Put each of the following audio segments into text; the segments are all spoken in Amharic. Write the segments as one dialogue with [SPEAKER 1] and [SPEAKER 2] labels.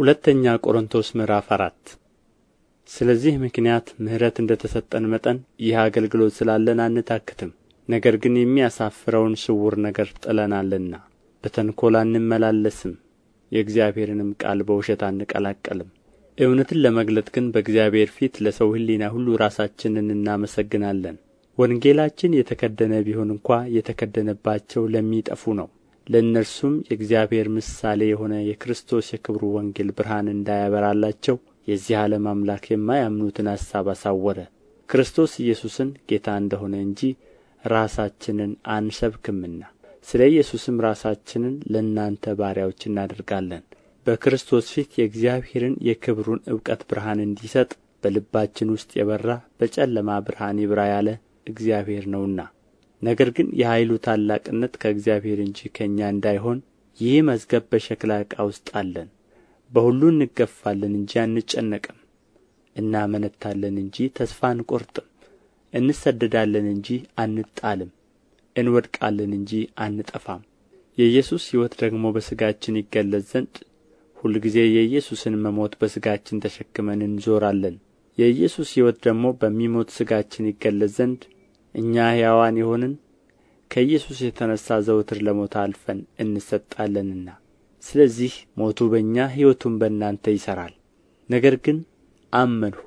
[SPEAKER 1] ሁለተኛ ቆሮንቶስ ምዕራፍ አራት ስለዚህ ምክንያት ምሕረት እንደ ተሰጠን መጠን ይህ አገልግሎት ስላለን አንታክትም። ነገር ግን የሚያሳፍረውን ስውር ነገር ጥለናልና በተንኮል አንመላለስም፣ የእግዚአብሔርንም ቃል በውሸት አንቀላቀልም። እውነትን ለመግለጥ ግን በእግዚአብሔር ፊት ለሰው ሕሊና ሁሉ ራሳችንን እናመሰግናለን። ወንጌላችን የተከደነ ቢሆን እንኳ የተከደነባቸው ለሚጠፉ ነው ለእነርሱም የእግዚአብሔር ምሳሌ የሆነ የክርስቶስ የክብሩ ወንጌል ብርሃን እንዳያበራላቸው የዚህ ዓለም አምላክ የማያምኑትን አሳብ አሳወረ ክርስቶስ ኢየሱስን ጌታ እንደሆነ እንጂ ራሳችንን አንሰብክምና ስለ ኢየሱስም ራሳችንን ለእናንተ ባሪያዎች እናደርጋለን በክርስቶስ ፊት የእግዚአብሔርን የክብሩን እውቀት ብርሃን እንዲሰጥ በልባችን ውስጥ የበራ በጨለማ ብርሃን ይብራ ያለ እግዚአብሔር ነውና ነገር ግን የኃይሉ ታላቅነት ከእግዚአብሔር እንጂ ከእኛ እንዳይሆን ይህ መዝገብ በሸክላ ዕቃ ውስጥ አለን በሁሉ እንገፋለን እንጂ አንጨነቅም እናመነታለን እንጂ ተስፋ አንቆርጥም እንሰደዳለን እንጂ አንጣልም እንወድቃለን እንጂ አንጠፋም የኢየሱስ ሕይወት ደግሞ በሥጋችን ይገለጽ ዘንድ ሁልጊዜ የኢየሱስን መሞት በሥጋችን ተሸክመን እንዞራለን የኢየሱስ ሕይወት ደግሞ በሚሞት ሥጋችን ይገለጽ ዘንድ እኛ ሕያዋን የሆንን ከኢየሱስ የተነሣ ዘወትር ለሞት አልፈን እንሰጣለንና ስለዚህ ሞቱ በእኛ ሕይወቱም በእናንተ ይሠራል ነገር ግን አመንሁ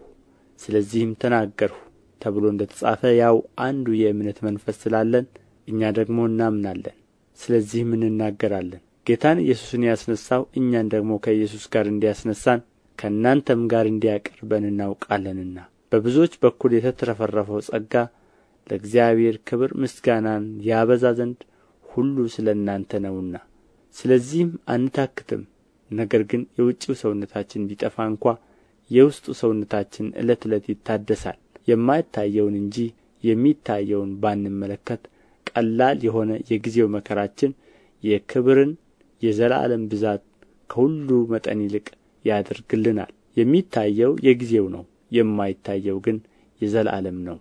[SPEAKER 1] ስለዚህም ተናገርሁ ተብሎ እንደ ተጻፈ ያው አንዱ የእምነት መንፈስ ስላለን እኛ ደግሞ እናምናለን ስለዚህም እንናገራለን ጌታን ኢየሱስን ያስነሣው እኛን ደግሞ ከኢየሱስ ጋር እንዲያስነሣን ከእናንተም ጋር እንዲያቀርበን እናውቃለንና በብዙዎች በኩል የተትረፈረፈው ጸጋ ለእግዚአብሔር ክብር ምስጋናን ያበዛ ዘንድ ሁሉ ስለ እናንተ ነውና ስለዚህም አንታክትም ነገር ግን የውጭው ሰውነታችን ቢጠፋ እንኳ የውስጡ ሰውነታችን ዕለት ዕለት ይታደሳል የማይታየውን እንጂ የሚታየውን ባንመለከት ቀላል የሆነ የጊዜው መከራችን የክብርን የዘላለም ብዛት ከሁሉ መጠን ይልቅ ያደርግልናል የሚታየው የጊዜው ነው የማይታየው ግን የዘላለም ነው